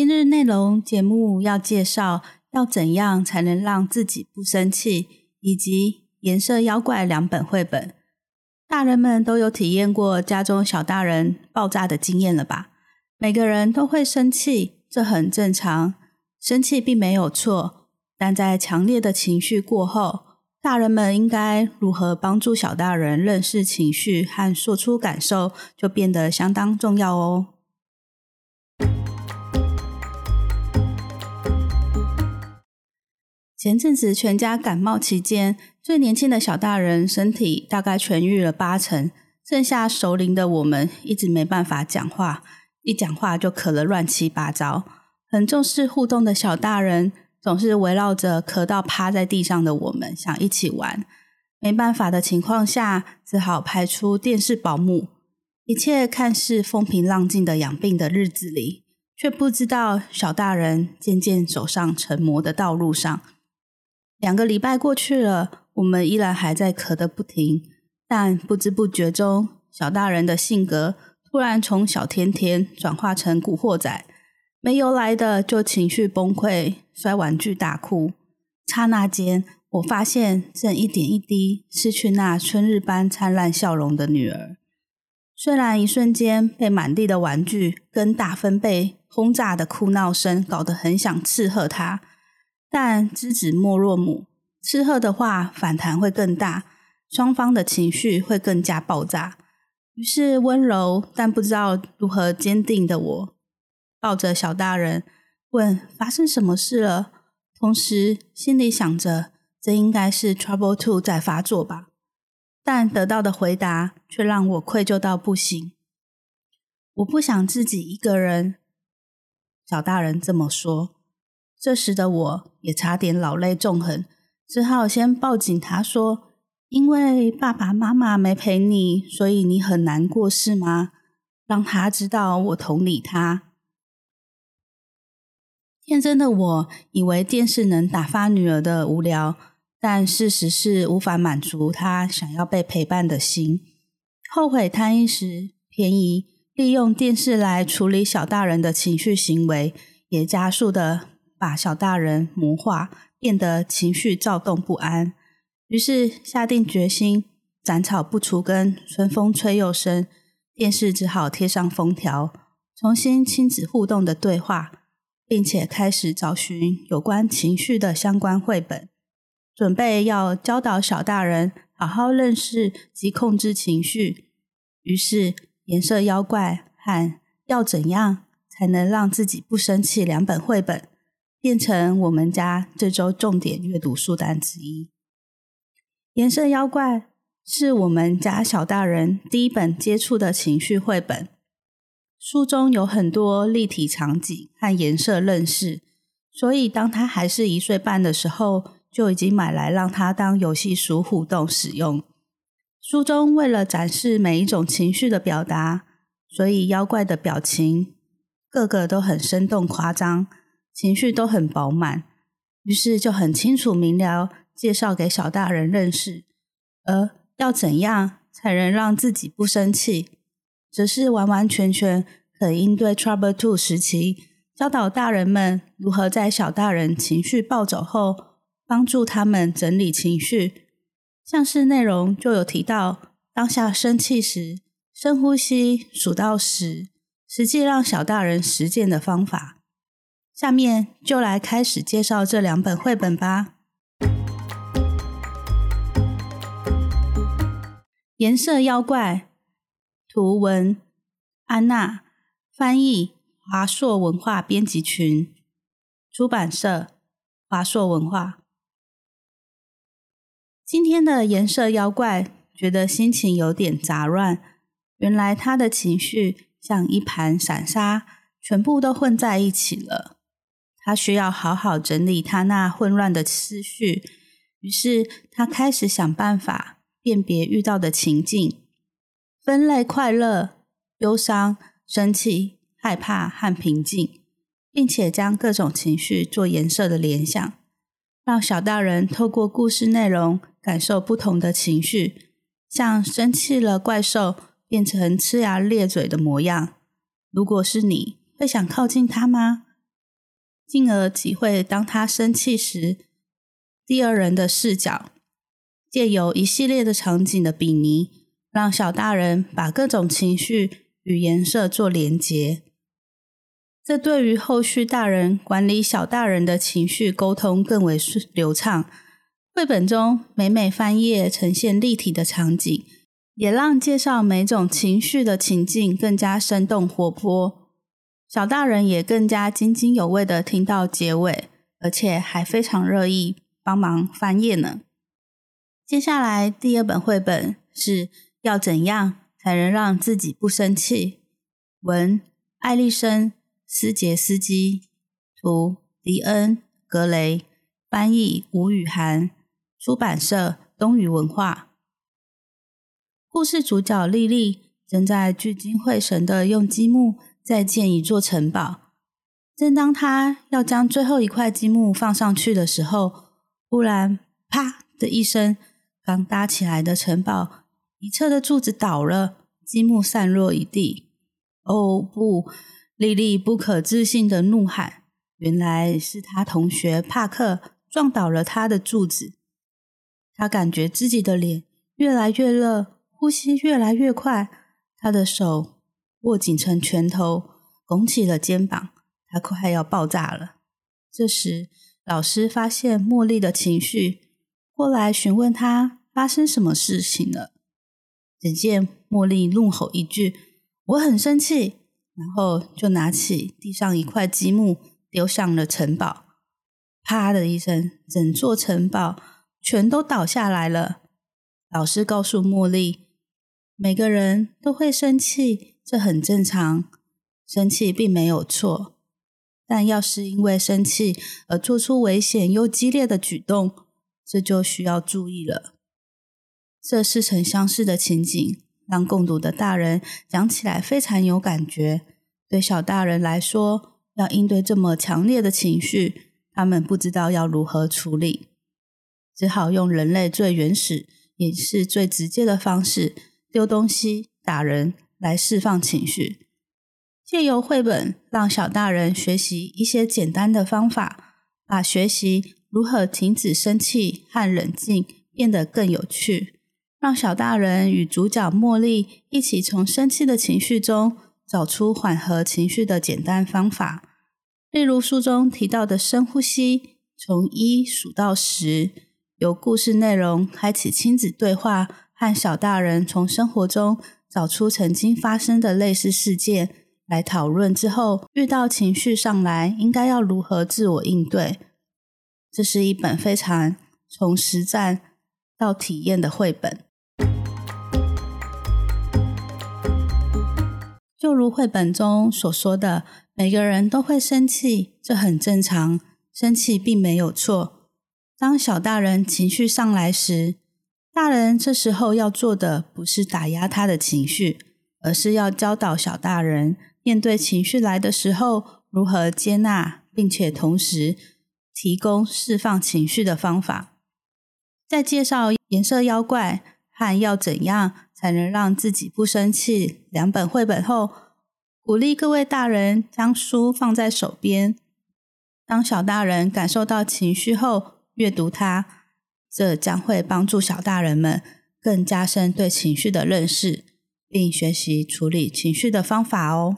今日內容節目要介紹要怎樣才能讓自己不生氣，以及顏色妖怪兩本繪本。大人們都有體驗過家中小大人爆炸的經驗了吧？每個人都會生氣，這很正常。生氣並沒有錯，但在強烈的情緒過後，大人們應該如何幫助小大人認識情緒和說出感受，就變得相當重要哦。前陣子全家感冒期間，最年輕的小大人身體大概痊癒了八成，剩下熟齡的我們一直沒辦法講話，一講話就咳得亂七八糟。很重視互動的小大人總是圍繞着咳到趴在地上的我們想一起玩，沒辦法的情況下只好派出電視保姆。一切看似風平浪靜的養病的日子裡，卻不知道小大人漸漸走上成魔的道路上。兩個禮拜過去了，我們依然還在咳得不停。但不知不覺中，小大人的性格突然從小甜甜轉化成古惑仔，沒由來的就情緒崩潰，摔玩具大哭。剎那間，我發現正一點一滴失去那春日般燦爛笑容的女兒。雖然一瞬間被滿地的玩具跟大分貝轟炸的哭鬧聲搞得很想斥喝她。但知子莫若母，斥喝的話反彈會更大，雙方的情緒會更加爆炸。於是溫柔但不知道如何堅定的我，抱着小大人問：“發生什麼事了？”同時心裡想着：“這應該是 Trouble Two 在發作吧？”但得到的回答卻讓我愧疚到不行。我不想自己一個人，小大人這麼說。這時的我也差點老淚縱橫，只好先抱緊他說：“因為爸爸媽媽沒陪你，所以你很難過，是嗎？”讓他知道我同理他。天真的我以為電視能打發女兒的無聊，但事實是無法滿足他想要被陪伴的心。後悔貪一時便宜，利用電視來處理小大人的情緒行為，也加速的。把小大人魔化，變得情緒躁動不安，於是下定決心，斬草不除根，春風吹又生。電視只好貼上封條，重新親子互動的對話，並且開始找尋有關情緒的相關繪本，準備要教導小大人好好認識及控制情緒。於是，顏色妖怪和要怎樣才能讓自己不生氣？”兩本繪本。變成我們家這周重點閱讀書單之一。顏色妖怪是我們家小大人第一本接觸的情緒繪本，書中有很多立體場景和顏色認識，所以當他還是一歲半的時候，就已經買來讓他當遊戲書互動使用。書中為了展示每一種情緒的表達，所以妖怪的表情個個都很生動誇張，情緒都很飽滿，於是就很清楚明了介紹給小大人認識。而要怎樣才能讓自己不生氣，則是完完全全可應對 Trouble Two 時期，教導大人們如何在小大人情緒暴走後，幫助他們整理情緒。像是內容就有提到，當下生氣時，深呼吸，數到十，實際讓小大人實踐的方法。下面就來開始介紹這兩本繪本吧。《顏色妖怪》圖文安娜，翻譯華碩文化編輯群，出版社華碩文化。今天的顏色妖怪覺得心情有點雜亂，原來他的情緒像一盤散沙，全部都混在一起了。他需要好好整理他那混亂的思緒，於是他開始想辦法辨別遇到的情境，分類快樂、憂傷、生氣、害怕和平靜，並且將各種情緒做顏色的聯想，讓小大人透過故事內容感受不同的情緒，像生氣了怪獸變成呲牙咧嘴的模樣，如果是你，會想靠近他嗎？進而體會當他生氣時，第二人的視角，借由一系列的場景的比擬，讓小大人把各種情緒與顏色做連結。這對於後續大人管理小大人的情緒溝通更為順流暢。繪本中每每翻頁呈現立體的場景，也讓介紹每種情緒的情境更加生動活潑。小大人也更加津津有味的聽到結尾，而且還非常樂意幫忙翻頁呢。接下來第二本繪本是要怎樣才能讓自己不生氣？文：艾麗森·斯杰斯基，圖：迪恩·格雷，翻譯：吳雨涵，出版社：東雨文化。故事主角莉莉正在聚精會神的用積木。在建一座城堡。正當他要將最後一塊積木放上去的時候，忽然“啪”的一聲，剛搭起來的城堡一側的柱子倒了，積木散落一地。Oh, “哦不！”麗麗不可置信的怒喊，“原來是他同學帕克撞倒了他的柱子。”他感覺自己的臉越來越熱，呼吸越來越快，他的手，握緊成拳頭，拱起了肩膀，他快要爆炸了。這時，老師發現茉莉的情緒，過來詢問她發生什麼事情了。只見茉莉怒吼一句：“我很生氣！”然後就拿起地上一塊積木，丟向了城堡，啪的一聲，整座城堡全都倒下來了。老師告訴茉莉。每個人都會生氣，這很正常。生氣並沒有錯，但要是因為生氣而做出危險又激烈的舉動，這就需要注意了。這似曾相識的情景，讓共讀的大人講起來非常有感覺。對小大人來說，要應對這麼強烈的情緒，他們不知道要如何處理，只好用人類最原始也是最直接的方式。丟東西、打人來釋放情緒。借由繪本讓小大人學習一些簡單的方法，把學習如何停止生氣和冷靜變得更有趣。讓小大人與主角茉莉一起從生氣的情緒中找出緩和情緒的簡單方法，例如書中提到的深呼吸、從一數到十，由故事內容開啟親子對話。和小大人從生活中找出曾經發生的類似事件來討論之後，遇到情緒上來，應該要如何自我應對？這是一本非常從實戰到體驗的繪本。就如繪本中所說的，每個人都會生氣，這很正常，生氣並沒有錯。當小大人情緒上來時，大人這時候要做的不是打壓他的情緒，而是要教導小大人面對情緒來的時候如何接納，並且同時提供釋放情緒的方法。在介紹《顏色妖怪》和要怎樣才能讓自己不生氣兩本繪本後，鼓勵各位大人將書放在手邊。當小大人感受到情緒後，閱讀它。這將會幫助小大人們更加深對情緒的認識，並學習處理情緒的方法哦。